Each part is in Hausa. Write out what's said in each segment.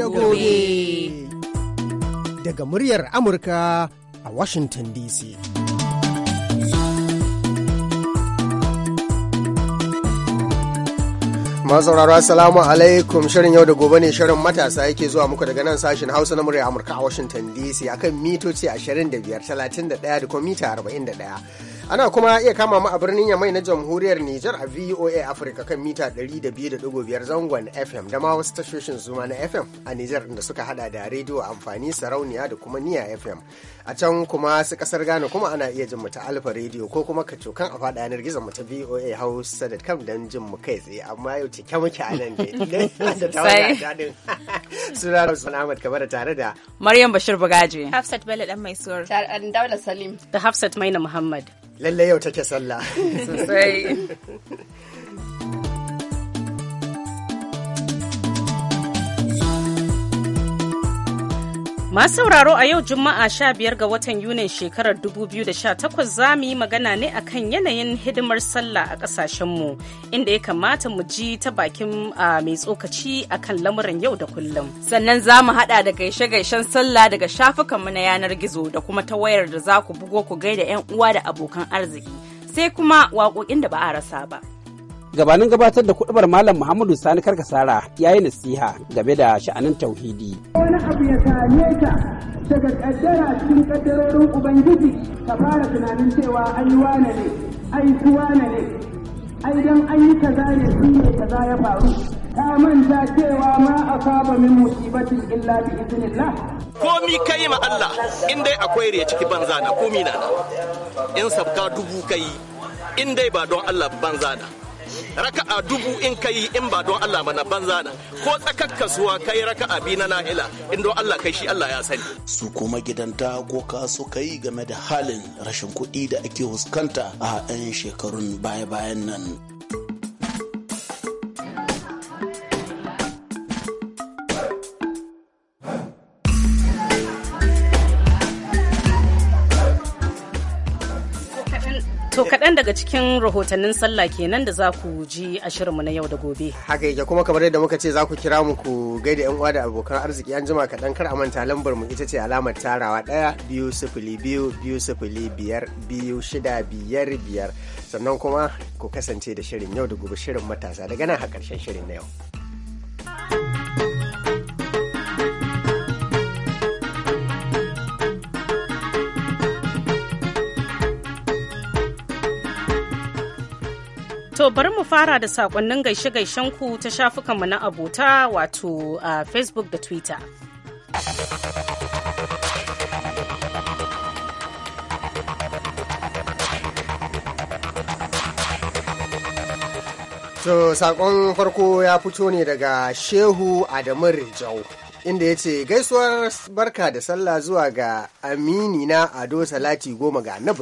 da gobe. Daga muryar Amurka a Washington DC. sauraro assalamu alaikum shirin yau da gobe ne shirin matasa yake zuwa muku daga nan sashen hausa na murya amurka a washington dc akan mitoci 25 31 da kuma mita 41 Ana kuma iya kama mu a birnin Yamai na Jamhuriyar Nijar a VOA Africa kan mita 200.5 zangon FM da ma wasu tashoshin zuma na FM a Nijar da suka hada da rediyo amfani sarauniya da kuma niya FM. A can kuma su kasar Ghana kuma ana iya jin mu ta Alfa rediyo ko kuma ka cokan a fada yanar gizon mu ta VOA hausa da kam don jin mu kai tsaye amma yau cike muke a nan da tawaga dadin. Suna Rasul Ahmad tare da Maryam Bashir Bugaje. Hafsat Bello dan mai suwar. Daula Salim. Da Hafsat Maina Muhammad. Lallai yau take sallah. Sosai. Masu sauraro a yau Juma'a 15 ga watan Yunin shekarar 2018 za mu yi magana ne akan yanayin hidimar sallah a ƙasashenmu inda ya kamata mu ji ta bakin mai tsokaci akan lamuran yau da kullum. Sannan za mu haɗa da gaishe-gaishen sallah daga shafukanmu na yanar gizo da kuma ta wayar da za ku bugo ku gaida 'yan uwa da abokan arziki sai kuma waƙoƙin da ba a rasa ba. gabanin gabatar da kuɗubar malam muhammadu sani karkasara ya yi nasiha game da sha'anin tauhidi wani abu ya same ka daga kaddara cikin kaddarorin ubangiji ka fara tunanin cewa an yi wane ne ai su wane ne ai dan an yi kaza ne su ne kaza ya faru ka manta cewa ma a saba min musibatin illa bi idnillah komi yi ma Allah in dai akwai riya ciki banza na komi na in sabka dubu kai in dai ba don Allah banza na raka'a dubu in ka yi in ba don Allah mana banza na ko tsakar kasuwa ka yi raka'a bi na na'ila in don Allah kai shi Allah ya sani. Su kuma gidanta ko ka suka yi game da halin rashin kuɗi da ake fuskanta a 'yan shekarun baya-bayan nan. kaɗan daga cikin rahotannin sallah kenan da za ku ji a shirinmu na yau da gobe. Haka yake kuma kamar yadda muka ce za ku kira mu ku gaida yan uwa da abokan arziki an jima kaɗan kar a manta lambar mu ita ce alamar tarawa ɗaya biyu sifili biyu biyu sifili biyar biyu shida biyar biyar sannan kuma ku kasance da shirin yau da gobe shirin matasa daga nan har ƙarshen shirin na yau. To bari mu fara da sakonnin gaishe-gaishen ku ta shafukanmu na abota wato a Facebook da Twitter. To sakon farko ya fito ne daga Shehu Adamu Rijau. Inda ya ce gaisuwar barka da sallah zuwa ga amini na ado salati goma ga na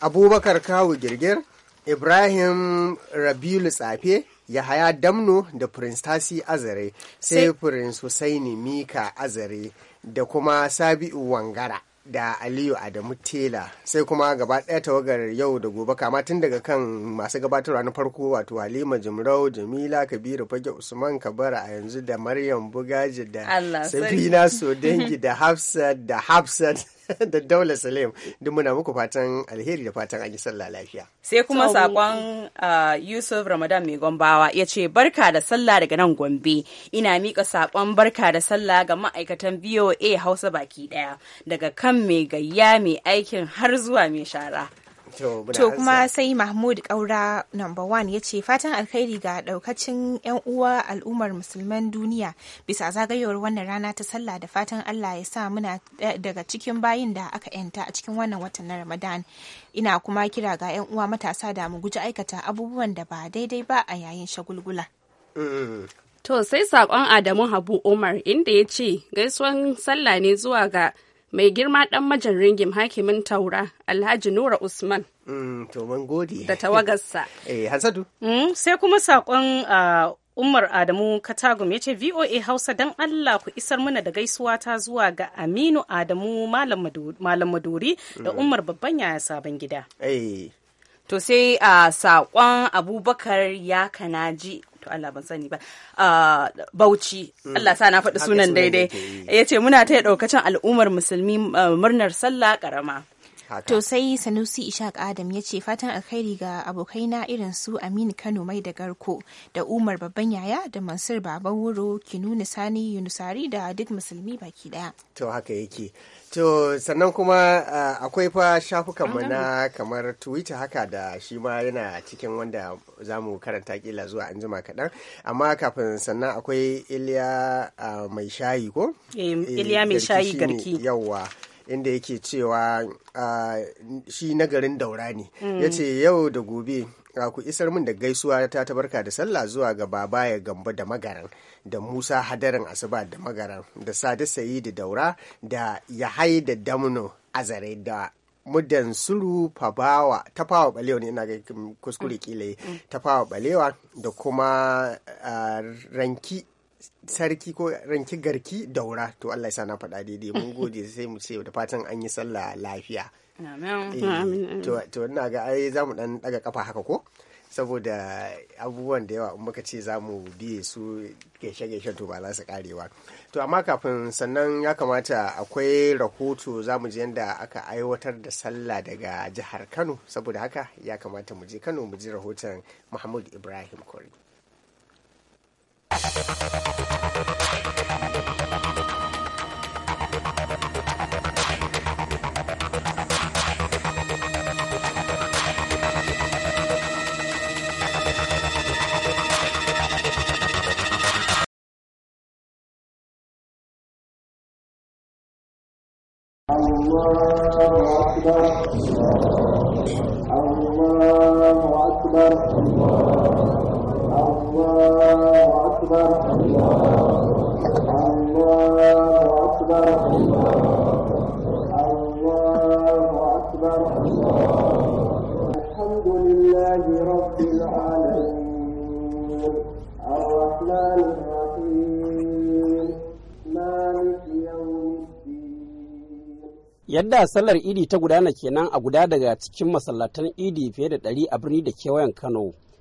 Abubakar kawu girgir Ibrahim Rabilu Tsafe, Yahaya Damno da Prince Tasi Azare, sai Prince Husaini Mika Azare da kuma Sabi'u Wangara. da aliyu adamu tela sai kuma gaba ɗaya tawagar yau da gobe kama tun daga kan masu gabatarwa na farko wato halima jimrau jamila kabiru fage usman kabara a yanzu da maryam bugaji da safina Sodengi da hafsat da hafsat da Daula Salim duk muna muku fatan alheri da fatan an yi sallah lafiya. Sai kuma sakon uh, Yusuf Ramadan mai gombawa ya ce barka da sallah daga nan Gombe ina mika sakon barka da sallah ga ma'aikatan VOA Hausa baki daya daga kan mai gayya mai aikin har zuwa mai shara. To kuma sai Mahmud Kaura number one ya ce fatan alkhairi ga daukacin 'yan uwa al'ummar musulman duniya bisa zagayowar wannan rana ta sallah da fatan Allah ya sa muna daga cikin bayin da aka 'yanta a cikin wannan watan na Ramadan. Ina kuma kira ga 'yan uwa matasa da mu guji aikata abubuwan da ba daidai ba a yayin shagulgula. To sai saƙon Adamu Habu Umar inda ya ce gaisuwan sallah ne zuwa ga mai girma dan majin ringim hakimin taura alhaji nura usman mm, da tawagarsa eh, mm, sai kuma saƙon uh, Umar Adamu Katagum ya ce VOA Hausa don Allah ku isar mana da gaisuwa ta zuwa ga Aminu Adamu Malam Maduri da mm. Umar babban yaya sabon gida. Eh. To sai a uh, saƙon Abubakar ya kanaji to Allah ban sani ba ah, Bauchi mm. Allah sa na faɗi sunan daidai yace muna taya daukacin al'ummar musulmi ah, murnar sallah karama To sai Sanusi Ishaq Adam ya ce fatan alkhairi ga abokaina irin su Aminu Kano mai da garko da Umar babban yaya da Mansur baban wuro Kinuni Sani Yunusari da duk musulmi baki daya. To haka yake. To sannan kuma uh, akwai fa shafukanmu na kamar Twitter haka da shi ma yana cikin wanda za mu karanta kila zuwa an jima kaɗan. Amma kafin sannan akwai Iliya uh, mai shayi ko? Eh, eh, Iliya mai shayi garki. inda yake cewa ah, shi nagarin daura ne mm. ya ce yau da gobe ah, ku isar min da gaisuwa ta tabarka da sallah zuwa ga Baba ya gambo da magaran da musa hadarin asuba da magaran da sadi sayi da daura da ya hai da damno azare da mudan suru fabawa fawa balewa ne ina ga kuskure mm. kila mm. fawa balewa da kuma ah, ranki sarki ko ranki garki daura to Allah ya sa na faɗa daidai mun gode sai mu ce da fatan an yi sallah lafiya eh, to ina ga ai za mu dan daga kafa haka ko saboda abubuwan da yawa muka ce za mu biye su gaishe-gaishen to ba za su karewa to amma kafin sannan ya kamata akwai rahoto za mu je yadda aka aiwatar da sallah daga jihar kano saboda haka ya kamata mu je kano mu ji rahoton muhammad ibrahim kori Gracias. Yadda sallar idi ta gudana kenan a guda daga cikin masallatan idi fiye da ɗari a birni da kewayen Kano.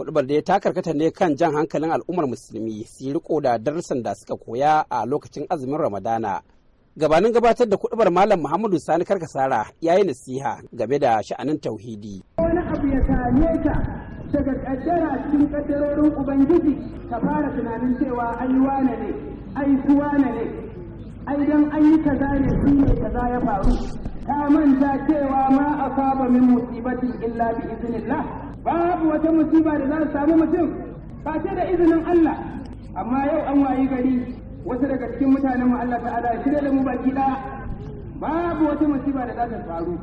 kuɗubar da ta karkata ne kan jan hankalin al'ummar musulmi su riko da darussan da suka koya a lokacin azumin ramadana gabanin gabatar da kuɗubar malam muhammadu sani karkasara ya yi nasiha game da sha'anin tauhidi wani abu ya same ka daga kaddara cikin kaddarorin ubangiji ka fara tunanin cewa ai wane ne ai su wane ne ai dan an yi kaza ne su ne kaza ya faru ka manta cewa ma asaba min musibatin illa bi iznillah babu wata musiba da za ta samu mutum ba ce da izinin Allah amma yau an wayi gari wasu daga cikin mutanen mu Allah ta'ala shirya da mu baki da babu wata musiba da za ta faru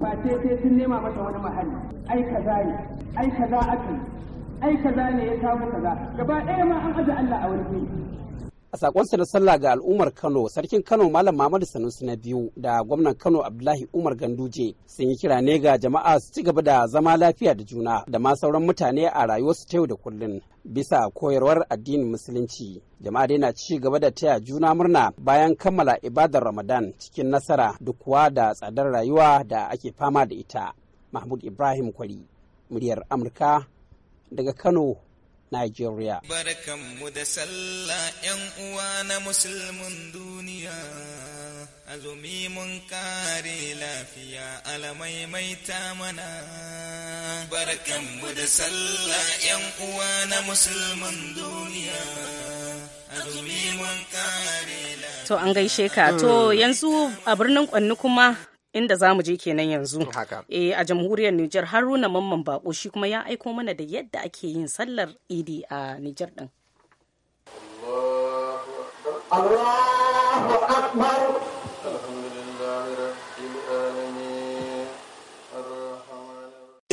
ba ce sai sun nema masa wani mahalli ai kaza ne ai kaza ake ai kaza ne ya samu kaza gaba ɗaya ma an aje Allah a wani a sakonsa na sallah ga al'ummar kano sarkin kano malam mamadu sanusi na biyu da gwamnan kano abdullahi umar ganduje sun yi kira ne ga jama'a su ci gaba da zama lafiya da juna da ma sauran mutane a rayuwarsu ta yau da kullun bisa koyarwar addinin musulunci jama'a dai na ci gaba da taya juna murna bayan kammala ibadar ramadan cikin nasara duk kuwa da tsadar rayuwa da ake fama da ita mahmud ibrahim kwari muryar amurka daga kano Nigeria. Barkanmu da sallah 'yan uwa na musulmin duniya, azumi mun kare lafiya alamaimaita mana. Barkanmu da sallah 'yan uwa na musulmin duniya. To an gaishe ka. To hmm. yanzu a birnin Kwanni kuma inda za je kenan yanzu eh, a jamhuriyar Nijar Haruna Mamman Bako shi kuma ya aiko mana da yadda ake yin sallar Idi a Nijar din.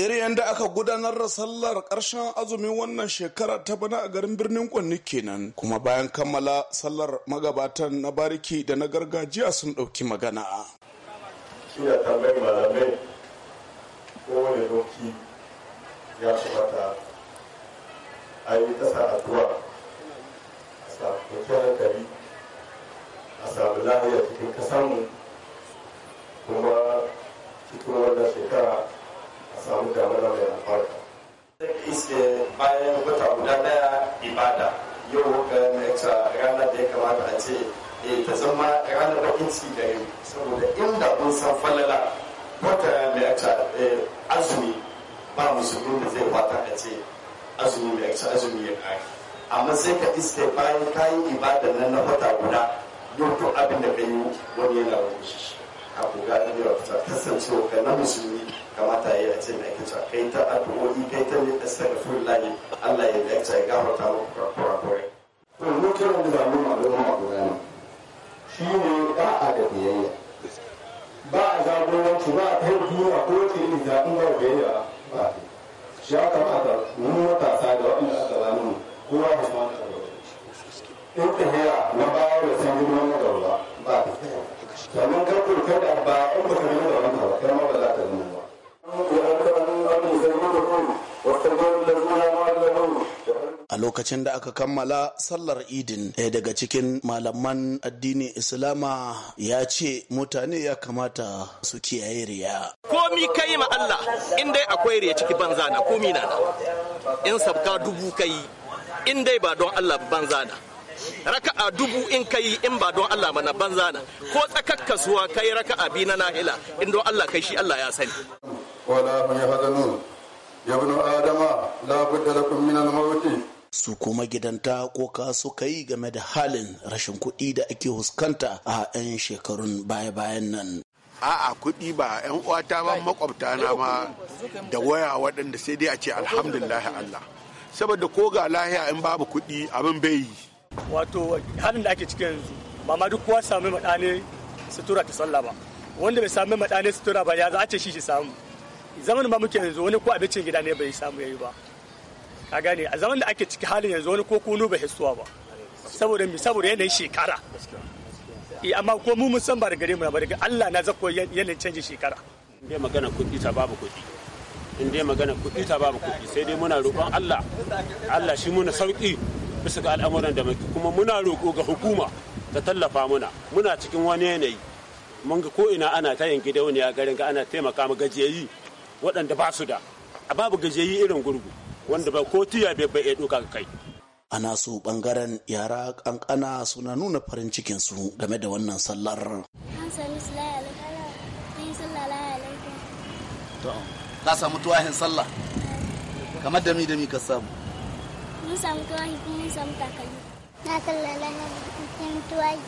iriyan da aka gudanar da sallar ƙarshen azumin wannan shekara ta bana a garin birnin kwanni kenan kuma bayan kammala sallar magabatan na bariki da na gargajiya sun ɗauki magana suna tambayin malamai ko wani lokaci ya kamata a yi ta sa addu'a a samu kwanciyar hankali a samu lahiya cikin kasanmu kuma cikin wannan shekara a samu damana mai albarka iske bayan wata guda daya ibada yau ga ranar da ya kamata a ce Eh, ta zama ranar bakin ci gare saboda inda kun san falala wata mai aka eh, azumi ba musulmi da zai fata a ce azumi mai aka azumi ya kare amma sai ka iske bayan kayi ibada ibadan nan na wata guda yau abin da ka yi wani yana wani shi a koga ta da wata kasancewa ka na musulmi kamata ya yi a ce mai kaca kai ta addu'o'i kai ta ne fulani Allah ya dace ya gafarta maka kurakurai. Mun mutum da zamu shi ne da'a da biyayya ba a zagoranci ba a kai duniya ko wace irin zaɓin ba biyayya ba a shi ya kamata mu matasa da waɗanda aka zanu mu kowa ya ma ta in ka na baya da san gudunar na gaba ba ta sannan kan kurkar da ba in ba ka nuna da wani ba kai ma ba za ka nuna ba. Wa'an kan an zai yi da kuma wasu a lokacin da aka kammala sallar idin ɗaya daga cikin malaman addinin islama ya ce mutane ya kamata su kiyaye riya komi kai ma Allah in dai akwai riya ciki banza na komi na in sabka dubu kai in dai ba don Allah banza na raka'a dubu in kai in ba don Allah mana banza na ko tsakar kasuwa kai raka'a bi na nahila in don Allah kai shi Allah ya sani wala hum yahzanun ya ibnu adama la budda lakum min al su kuma gidanta ka suka yi game da halin rashin kuɗi da ake huskanta a 'yan shekarun baya-bayan nan a'a kuɗi ba 'yan uwata ba makwabta na ma da waya waɗanda sai dai a ce alhamdulillah Allah saboda ko ga lahiya in babu kuɗi abin bai yi wato halin da ake cikin yanzu ba ma duk kowa sami maɗane sutura ta sallah ba wanda bai sami maɗane sutura ba ya za a ce shi shi samu zaman ba muke yanzu wani ko abincin gida ne bai samu yayi ba ka gane a zaman da ake ciki halin yanzu wani ko kunu bai hissuwa ba saboda mi saboda yanayin shekara e, amma ko mu mun san ba da gare mu ba Allah na zakko yanayin canjin shekara in dai magana kuɗi ta babu kuɗi in dai magana kuɗi ta babu kuɗi sai dai muna roƙon Allah Allah shi muna sauki bisa ga al'amuran da muke kuma muna roƙo ga hukuma ta tallafa muna muna cikin wani yanayi mun ga ko ina ana ta gidauniya garin ga ana taimaka ma gajiyayi waɗanda ba su da a babu gajiyayi irin gurgu wanda ba ko tiya bai bai ɗauka kai a nasu bangaren yara kankana suna nuna farin cikin su game da wannan sallar ka samu tuwahin sallah kamar da da dami ka samu mun samu tuwahi kuma mun samu takalmi na sallala na cikin tuwahi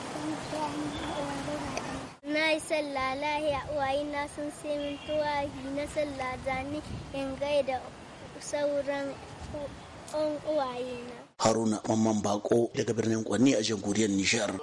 na yi sallah a uwaye na sun sai min tuwahi na sallah zane in gaida sauran uwaye na. Haruna Mamman Bako daga birnin Kwanni a jamhuriyar Nishar.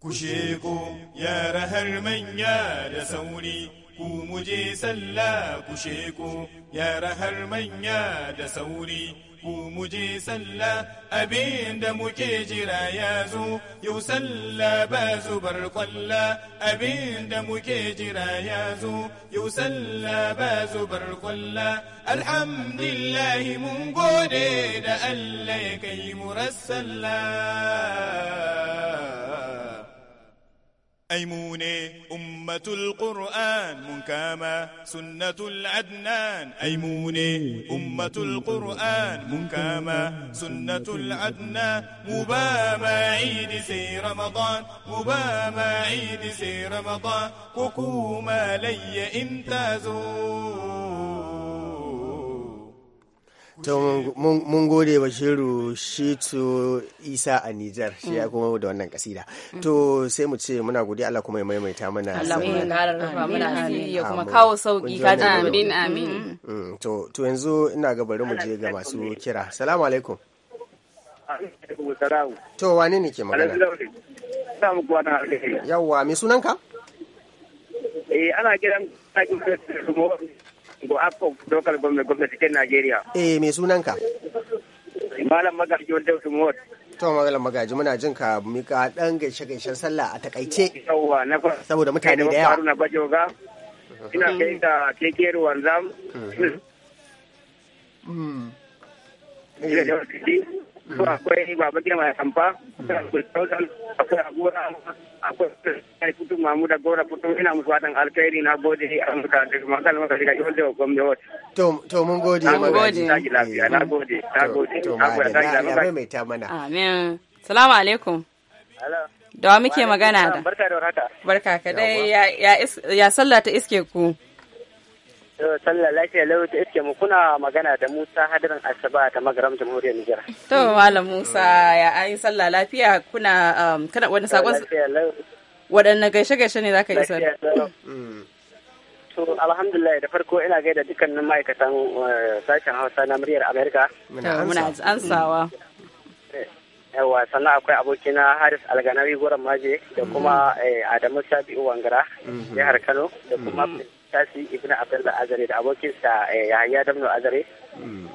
Ku sheko yara har manya da sauri ku muje sallah ku sheko yara har manya da sauri ku muje sallah abin da muke jira ya zo yau sallah ba zubar kwalla abin da muke jira ya zo yau sallah ba zubar kwalla alhamdulillah mun gode da Allah ya kai mu rassalla أيمونة أمة القرآن منكامة سنة العدنان أيمونة أمة القرآن منكامة سنة العدنان مبامة عيد سي رمضان مبامة عيد سي رمضان كوكوما لي انتازون To mun gode Bashiru Shitu Isa a Nijar shi ya mm. kuma da wannan kasida. Mm. To sai mu ce muna godiya Allah kuma ya maimaita mana. Allah ya kara mana asiri ya kuma kawo sauki ka ji amin amin. Mm, to to yanzu ina ga bari mu je ga masu kira. Salamu alaikum. To wane ne ke magana? Yawwa me sunanka? Eh ana kiran Go'afo Local Government Gwamnati State Nigeria. Eh me sunanka? Malam Magaji wanda To Malam Magaji muna jin ka mika dan gaishe gaishen sallah a takaice. Yawwa na saboda mutane da yawa. Haruna Bajoga. Ina mhm. kai da su akwai baba gema ya kamfa akwai mamu da gora kutu ina musu watan alkhairi na gode a muka da kuma da wata to mun gode mm. gode na gode na gode na gode na gode na gode amin salamu alaikum da wa muke magana da barka da warhaka barka ka dai ya sallah ta iske ku sallah lafiya lau ta iske mu kuna magana da Musa Hadirin Asaba ta Magaram Jamhuriyar Nijar. To Malam Musa ya ayi sallah lafiya kuna um, kana wani sakon waɗanne gaishe-gaishe ne za ka yi sallah. To alhamdulillah da farko ina gaida dukkanin ma'aikatan uh, sashen Hausa na muryar Amerika. Muna ansawa. Eh, yawa sannan akwai abokina haris alganawi goron maje da kuma mm. eh, adamu sabi'u wangara mm-hmm. jihar kano da kuma mm. tasi ibn abdullah azare da abokinsa eh, yahaya damno azare hmm.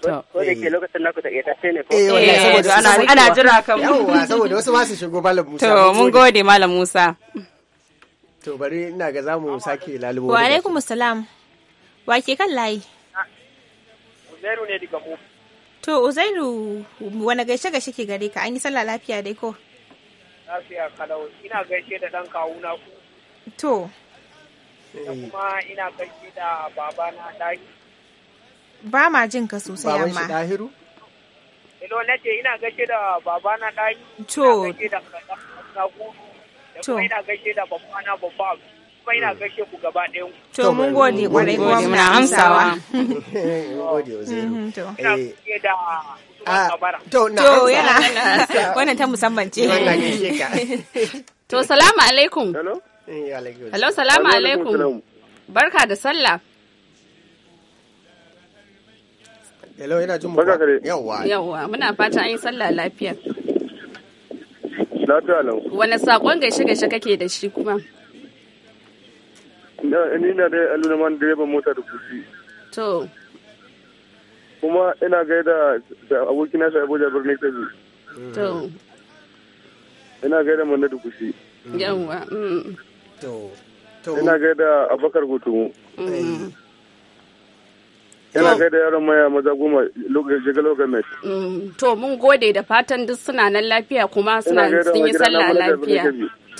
ko da ke eh. lokacin naku ta ƙeta ce ne ko eh wallahi eh, saboda ana jira kan yawa saboda wasu ma su shigo malam Musa to mun gode malam Musa to bari ina ga zamu sake lalubo wa alaikum assalam wa ke kan layi ah, Uzairu ne daga mu to Uzairu wani gaishe gaishe ke gare ka an yi sallah lafiya dai ko lafiya kalau ina gaishe da dan kawuna ku to kuma ina barci da babana ɗaki. Ba ma jin ka sosai amma. Baban shi dahiru? Ilo na ce ina gaishe da babana ɗaki. To. Ina gaishe da kakanku. To. Ina gaishe da babana babba. Kuma ina hmm. gaishe ku gaba ɗayan. To mun gode kwarai kuma muna amsawa. Mun gode Uzairu. Mm-hmm, to. Eh. Ina gaishe da ah, To, yana wannan ta musamman ce. To, salamu alaikum. Hello? Eh, Hello, salamu alaikum. Barka da sallah. Hello, yana jin muka. Yawwa. Yawwa, muna fata an yi sallah lafiya. Lafiya lau. Wane saƙon gaishe gaishe kake da shi kuma? Ni na da aluna man direban mota da kusi. To. Kuma ina gaida da abokina shi Abuja birni Kebbi. To. Ina gaida mana da kusi. Yawwa. Mm. to ina gaida abakar gutu Ina kai da yaron maya maza goma shiga lokacin mm, to mun gode da fatan duk suna nan lafiya kuma suna sun yi sallah lafiya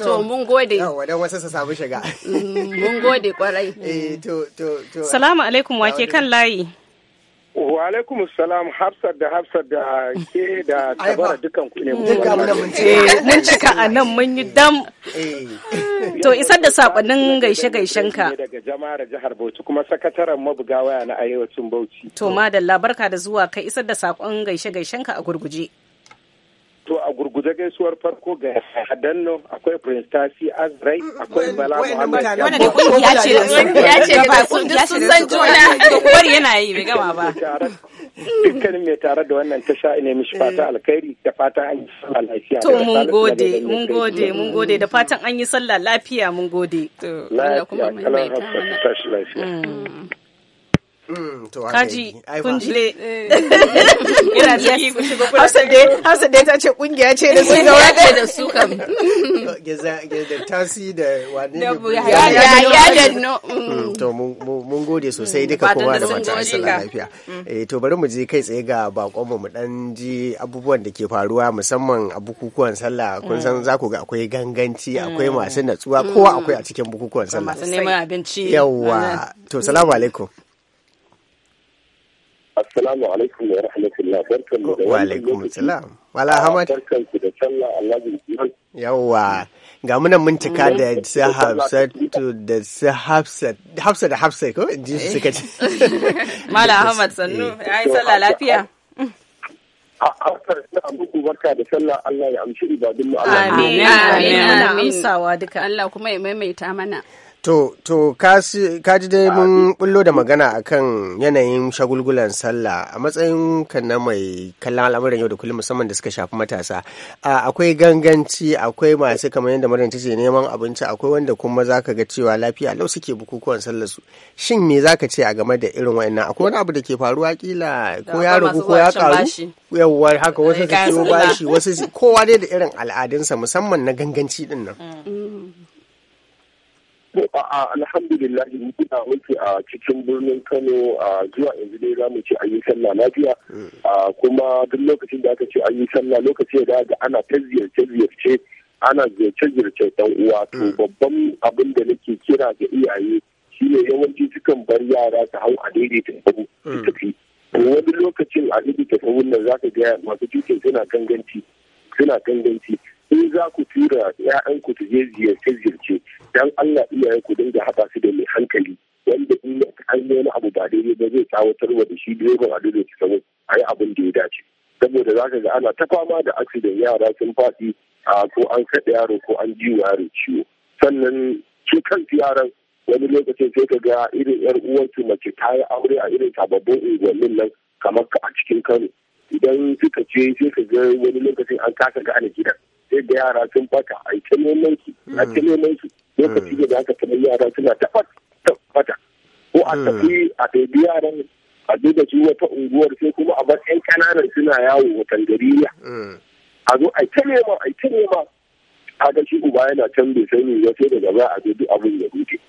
to mun gode yawa dan wasu su samu shiga mm, mun gode kwarai eh, salamu alaikum wake kan layi Wa alaikum salam Hafsat da Hafsat da ke da tabara dukan ku ne mu. Duka eh, mun cika a nan mun yi dam. Eh. To isar da sakonnin gaishe gaishen ka. Daga jama'ar jihar Bauchi kuma sakataren mabuga waya na Arewacin Bauchi. To madalla barka da zuwa kai isar da sakon gaishe gaishen ka a gurguje. To a waje gaisuwar farko ga Adanno akwai Prince Tasi Azrai mm, akwai Bala Muhammad. Wannan da kungiya ce da sun ce da sun sun san juna da yana yi bai gama ba. Dukkanin mai tare da wannan tasha ne mishi eh. fata alkhairi da fatan an yi sallah lafiya. To mun gode mun da fatan an yi sallah lafiya mun gode. To Allah kuma Tashi lafiya. Mm. Mm, kaji kunjile eh. ina ciki ku shigo kuna hausa dai hausa dai ta ce kungiya ce da sun gawa ce da su kam geza da tasi da wani da ya ya da no mm. Mm, to mun gode sosai duka kowa da fata suna lafiya eh to bari mu je kai tsaye ga bakon mu dan ji abubuwan da ke faruwa musamman a bukukuwan sallah kun san za ku ga akwai ganganci akwai masu natsuwa kowa akwai a cikin bukukuwan sallah masu neman abinci yawa to salamu alaikum Assalamu alaikum wa rahmatullah barkan mu da Wa alaikum salam. Wala Hamad. Ah, barkan ku da sallah Allah bin Yawwa. Ga munan mun mintika da su Hafsatu da su Hafsat. Hafsa da Hafsat ko in ji su suka ce. Mala Ahmad sannu eh. ya yi sallah lafiya. a ah, harkar ta muku barka da sallah Allah ya amshi ibadun mu Allah. Amin. Amin. Amsawa duka Allah kuma ya maimaita mana. To, to ji dai mun bullo da magana a kan yanayin shagulgulan sallah a matsayin ka na mai kallon al'amuran yau da kullum musamman da suka shafi matasa. Akwai ganganci, akwai masu kamar yadda Maryam ce neman abinci, akwai wanda kuma za ka ga cewa lafiya lau suke bukukuwan sallah su. Shin me za ka ce a game da irin wa'annan? Akwai wani abu da ke faruwa kila ko ya rugu ko ya karu? Yawwa haka wasu su bashi, kowa dai da irin al'adunsa musamman na ganganci dinnan. Mm. Mm. alhamdulillah mun kuna wanke a cikin birnin kano a zuwa yanzu dai za mu ce an yi sallah lafiya kuma duk lokacin da aka ce ayyukan sallah lokaci da ga ana ta ziyarce ziyarce ana ziyarce ziyarce dan uwa to hmm. babban abin da nake kira ga iyaye shine yawanci sukan bar yara su hau a daidaita ta su hmm. tafi wani lokacin a daidaita abu nan zaka ga masu cikin suna ganganci suna ganganci in za ku tura ‘ya'yan ku je ziyarce ziyarce dan Allah iyayen ku dinga haɗa su da mai hankali wanda in an yi wani abu ba daidai ba zai tsawatar wa da shi direban a dole samu a yi abin da ya dace saboda za ka ga ana ta fama da accident yara sun faɗi ko an kaɗa yaro ko an ji yaro ciwo sannan su kansu yaran wani lokacin sai ka ga irin yar uwarsu mace ta yi aure a irin sababbin unguwannin nan kamar a cikin kano idan suka ce sai ka ga wani lokacin an kasa gane gidan sai da yara sun fata a yi ta neman su a ta mm. mm. lokaci da aka yara suna tabbata ko a mm. tafi a ɗaiɗi yaran a duba su wata unguwar sai kuma a bar 'yan ƙananan suna yawo watan gariya a zo a ta nema a ta nema a ga shi uba yana canza bai sani ya daga za a zo duk abin ya rute.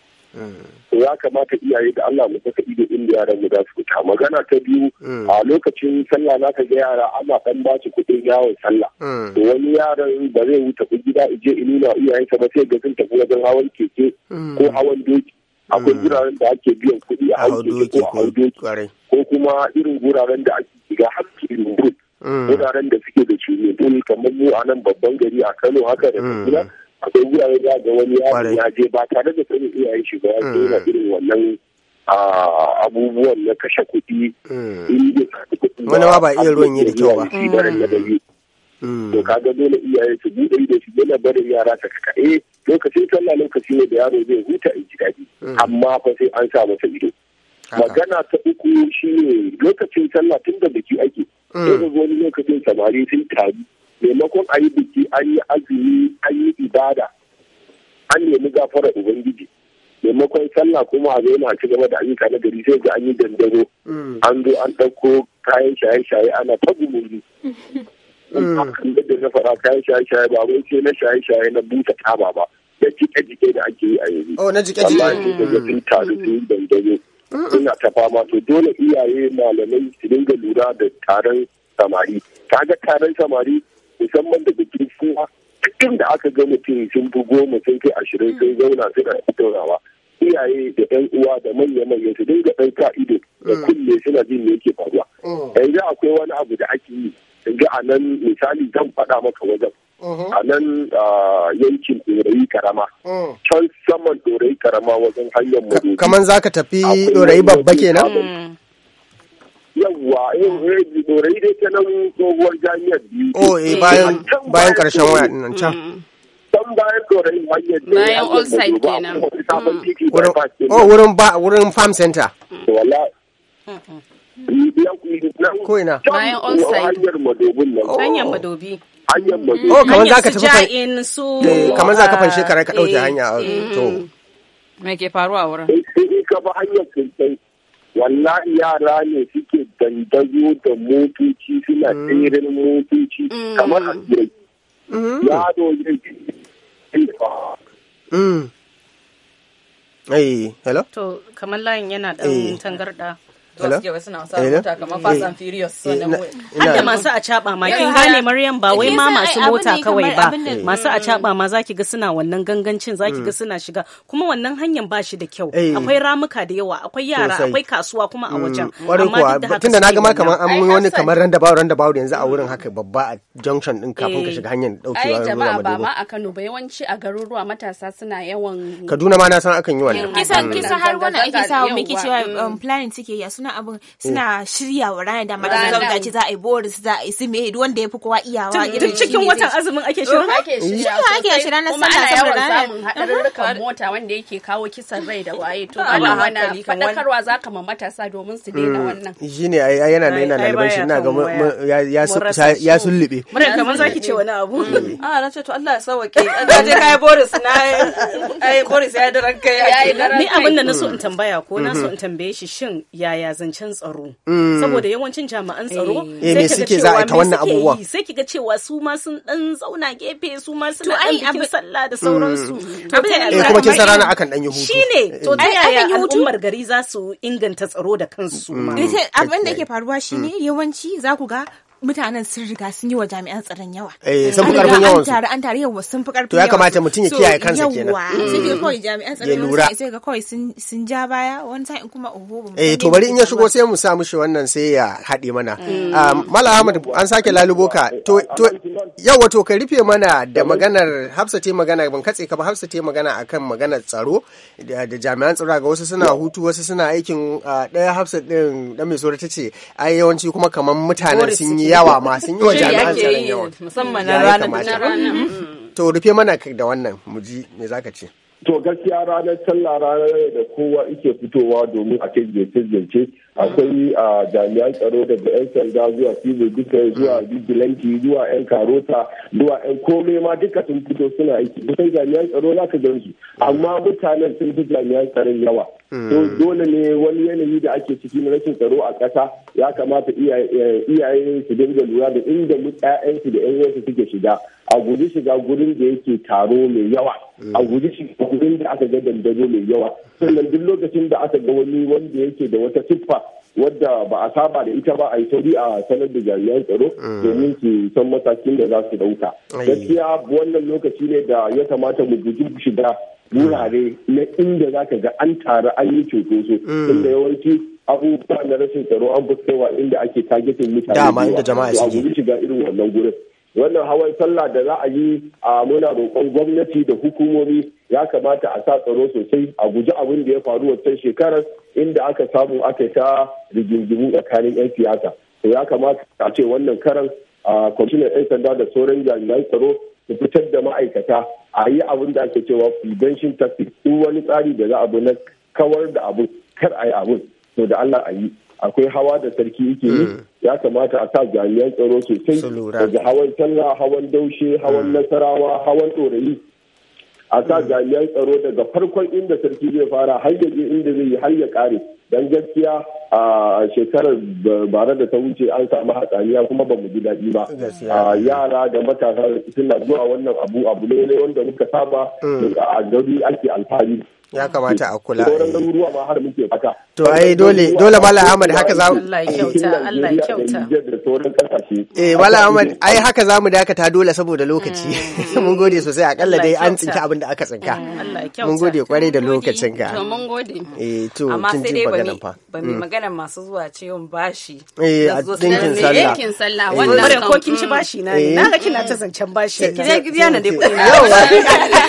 Mm. ya kamata iyaye da Allah mu saka ido inda yaran mu za su fita magana ta biyu mm. a lokacin sallah na ka ga yara ana dan ba su kuɗin yawon sallah mm. to wani yaran ba zai wuce ku gida ije inuna iyayensa ba sai ga sun tafi wajen hawan keke ko hawan doki akwai guraren da ake biyan kuɗi a hawan doki ko a doki ko kuma irin guraren da ake shiga har irin guraren da suke da cunetun kamar mu a nan babban gari a Kano haka da Kaduna akwai wurare da ga wani yaro ya je ba tare da sanin iyayen shi ba ya je yana mm. irin wannan abubuwan na mm. kashe kuɗi wani ma ba iya ruwan yi da kyau ba mm. to kaga dole iyaye su buɗe da shi dole barin yara ta kakaɗe eh, lokacin sallah lokaci ne da yaro zai huta in ji daɗi amma fa sai an sa masa ido magana ta uku shi ne lokacin sallah tun da biki ake sai wani lokacin samari sun taru maimakon a yi biki an yi azumi an yi ibada an nemi gafarar ubangiji maimakon sallah kuma a zai ci gaba da ayyuka na gari sai ga an yi dandaro mm. an zo an ɗauko kayan shaye-shaye ana ta gumuri mm. da na fara kayan shaye-shaye ba wai sai na shaye-shaye na buta taba ba da jike-jike da ake yi a yanzu. Oh, na jike-jike. Allah ya ce sun taru mm. sun yi dandaro. Suna ta fama to dole iyaye malamai su dinga lura da taron samari. ga taron samari musamman daga kuma cikin da aka ga mutum sun fi goma sun kai ashirin sun mm. zauna suna tattaunawa iyaye da yan uwa da manya manya su dinga ɗan ka ido da mm. kulle suna jin me yake faruwa mm. yanzu akwai wani abu da ake yi ga a nan misali zan faɗa maka wajen mm-hmm. a nan yankin ɗorayi karama can saman ɗorayi karama wajen hanyar mu kamar zaka tafi ɗorayi babba kenan yawwa eh, dorai dai ta nan tsohuwar jami'ar biyu oh eh mm. bayan bayan karshen waya nan can mm. can bayan dorai hanyar da ya yi mm. kenan oh wurin ba wurin farm center wala mm-hmm. ko ina bayan all side hanyar madobi hanyar mm-hmm. madobi oh kamar za ka tafi Hanyar su su. Eh, kamar za ka fan kare ka ɗauke hanya to me ke faruwa wurin eh, sai ka ba hanyar kintai wallahi yara ne suke dandazo da motoci suna mm. tsirin motoci mm. kamar a asirai mm. yaro ne Eh, hello? To, kamar layin yana ɗan tangarɗa. za su je wasu na mota kamar Fast and Furious wannan eh, Hadda masu a caba ma kin gane Maryam ba wai ma masu mota kawai ba masu a caba ma zaki ga suna wannan gangancin zaki ga mm. suna shiga kuma wannan hanyar ba shi da kyau eh. akwai ramuka da yawa akwai yara akwai kasuwa kuma a mm. wajen amma duk da tunda na gama kamar an yi wani kamar randabawa randabawa yanzu a wurin haka babba a junction din kafin ka eh. shiga hanyar daukewa ruwa ba ba ma a Kano ba yawanci a garuruwa matasa suna yawan Kaduna ma na san akan yi wannan kisa kisa har wannan ake sawa muke cewa planning suke yi wannan abin mm. suna shirya wa ranar da mata zauka ci za a yi boris za a yi su me wanda ya fi kowa iyawa irin cikin watan azumin ake shirya ake shirya ake shirya na sallah saboda ranar kuma ana yawan mota wanda yake kawo kisan rai da waye to ba mana fadakarwa ka ma matasa domin su daina mm. wannan shine ai yana nan yana laliban shi ina ga ya sullube mura kamar zaki ce wani abu mm. a ah, na ce to Allah ya sauke an je kai boris na ai boris ya daranka ya ni abin da na so in tambaya ko na so mm-hmm. in tambaye shi shin yaya zancen tsaro mm. saboda yawancin jama'an tsaro eh. sai eh, ki ga cewa me suke yi sai ki ga cewa su ma sun dan zauna gefe su ma suna dan bikin sallah da sauransu mm. to ta eh, kuma kin sarana akan dan yahudu. shine to ta yaya al'ummar margari za su inganta tsaro da kansu ma mm. abin da yake faruwa shine yawanci za ku ga mutanen sun riga sun yi wa jami'an tsaron yawa. Eh sun fi karfin yawan su. An tare yawa sun fi karfin yawa. su. To ya kamata mutum ya kiyaye kansa kenan. Yawa sun yi kawai jami'an tsaron yawa sai ga kawai sun ja baya wani sa'in kuma oho. Eh to bari in ya shigo sai mu sa mushi wannan sai ya haɗe mana. Mm. Um, Mala Ahmad an sake lalubo ka to yawa to ka rufe mana da maganar Hafsa te magana ban katse ka ba Hafsa te magana akan maganar tsaro da jami'an tsaro ga wasu suna hutu wasu suna aikin uh, ɗaya Hafsa ɗin ɗan mai tsoro ta ce ai yawanci kuma kamar mutanen sun yi yawa masu yi wa jami'an tsaron yawa musamman na ranar mm-hmm. to rufe mana da wannan mu ji me zaka ce to gaskiya ranar sallah ranar da kowa ike fitowa domin a kai ziyarce-ziyarce akwai a jami'an tsaro daga 'yan sanda zuwa civil duka zuwa vigilanti zuwa 'yan karota zuwa 'yan kome ma duka sun fito suna aiki kusan jami'an tsaro za ka gansu amma mutanen sun fi jami'an tsaron yawa mm. to dole ne wani yanayi da ake ciki na rashin tsaro a ƙasa ya kamata iyaye su dinga lura da inda ƴaƴansu da 'yan su suke shiga a guji shiga gurin da yake taro mai yawa a guji shiga gurin da aka ga dandazo mai yawa sannan duk lokacin da aka ga wani wanda yake da wata siffa wadda ba a saba da ita ba a yi sauri a sanar da jami'an tsaro mm. domin su san matakin da za su dauka gaskiya wannan lokaci ne da ya kamata mu guji shiga wurare na inda za ka ga an taru an yi cunkoso mm. inda yawanci abubuwa na rashin tsaro an fuskewa inda ake targeting mutane dama inda jama'a su je shiga irin wannan gurin wannan hawan sallah da za a yi a muna roƙon gwamnati da hukumomi ya kamata a sa tsaro sosai a guji abin da ya faru wancan shekarar inda aka samu aka ta rigingimu tsakanin 'yan siyasa to ya kamata a ce wannan karan a kwamishinan 'yan sanda da sauran jami'an tsaro su fitar da ma'aikata a yi abin da ake cewa prevention tactics in wani tsari da za a bi na kawar da abin kar a yi abin to da Allah a yi akwai hawa da sarki yake yi mm. ya kamata a sa jami'an tsaro sosai daga hawan sallah hawan daushe hawan mm. nasarawa hawan tsorayi a sa mm. jami'an tsaro daga farkon inda sarki zai fara har ya je inda zai yi har ya kare dan gaskiya a shekarar bara da ta wuce an samu hatsaniya kuma ba mu ji daɗi ba a yara da matasa suna zuwa wannan abu abu ne wanda muka saba a gari ake alfahari ya kamata a kula eh. to ai dole dole bala ahmad haka za mu. eh bala ahmad ai haka za mu dakata dole saboda lokaci mm, mm. mun gode sosai akalla dai an tsinci abin da aka tsinka mm, mun gode kwarai da lokacin ka to mun gode eh to amma sai dai ba ba mi magana masu zuwa yin bashi eh a dinkin sallah dinkin sallah eh. wannan bare ko kin ci bashi na ne eh. naga kina ta zancen bashi ki ki na dai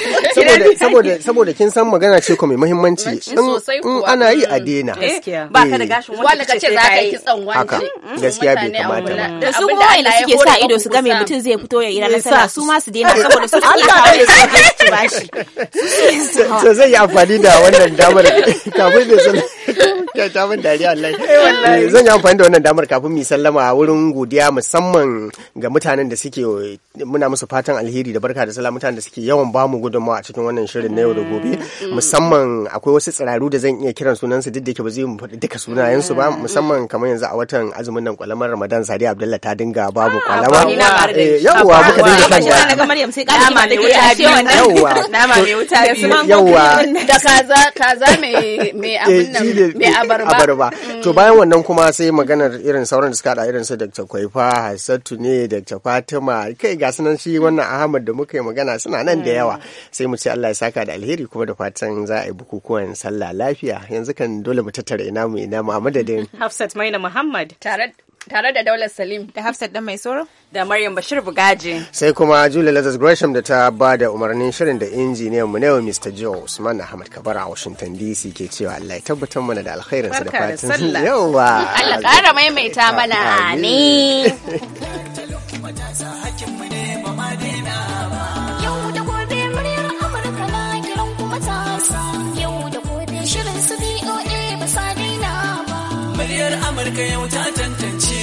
saboda saboda saboda kin san magana ce ko mai muhimmanci in ana yi a mm. dena eh, ba ka da eh. gashin wanda ka ce za ka yi kitson wanda mm, mm, gaskiya bai kamata ba da su kuma wanda suke sa ido su ga mai mutum zai fito ya yi ranar sana su ma su dena saboda su suke su to zai yi amfani da wannan damar kafin da kyauta dariya wallahi eh, eh, zan yi amfani da wannan damar kafin mu sallama a wurin godiya musamman ga mutanen da suke muna musu fatan alheri da barka da sallah mutanen da suke yawan bamu gudunmawa a cikin wannan shirin na yau da gobe mm-hmm. Mm-hmm. musamman akwai wasu tsiraru da zan iya kiran sunan su duk da ke ba zai mu faɗi duka sunayen su ba mm-hmm. musamman kamar yanzu a watan azumin nan kwalamar Ramadan Sadi Abdullahi ta dinga bamu kwalama ah, eh, yawwa ah, muka dinga kan yawwa yawwa da kaza kaza abun nan ba. Mm. to bayan wannan kuma sai maganar irin sauran da suka da irin su Dr. Kwaifa Hassatu ne Dr. Fatima kai ga sunan shi wannan Ahmad da muka yi magana suna nan da mm. yawa sai mu ce Allah ya saka da alheri kuma da fatan za a yi bukukuwan sallah lafiya yanzu kan dole mu tattara ina mu ina mu a madadin Hafsat Maina Muhammad tare tare da Daular Salim da Hafsat da mai tsoro da Maryam Bashir Bugaji. Sai kuma Julia Lazarus Gresham da ta ba da umarnin shirin da injiniyan mu ne Mr. Joe Usman Ahmad kabar a Washington DC ke cewa Allah ya tabbatar mana da alkhairin sa da fatan yawa. Allah ƙara maimaita mana ne. Amurka yau ta tantance.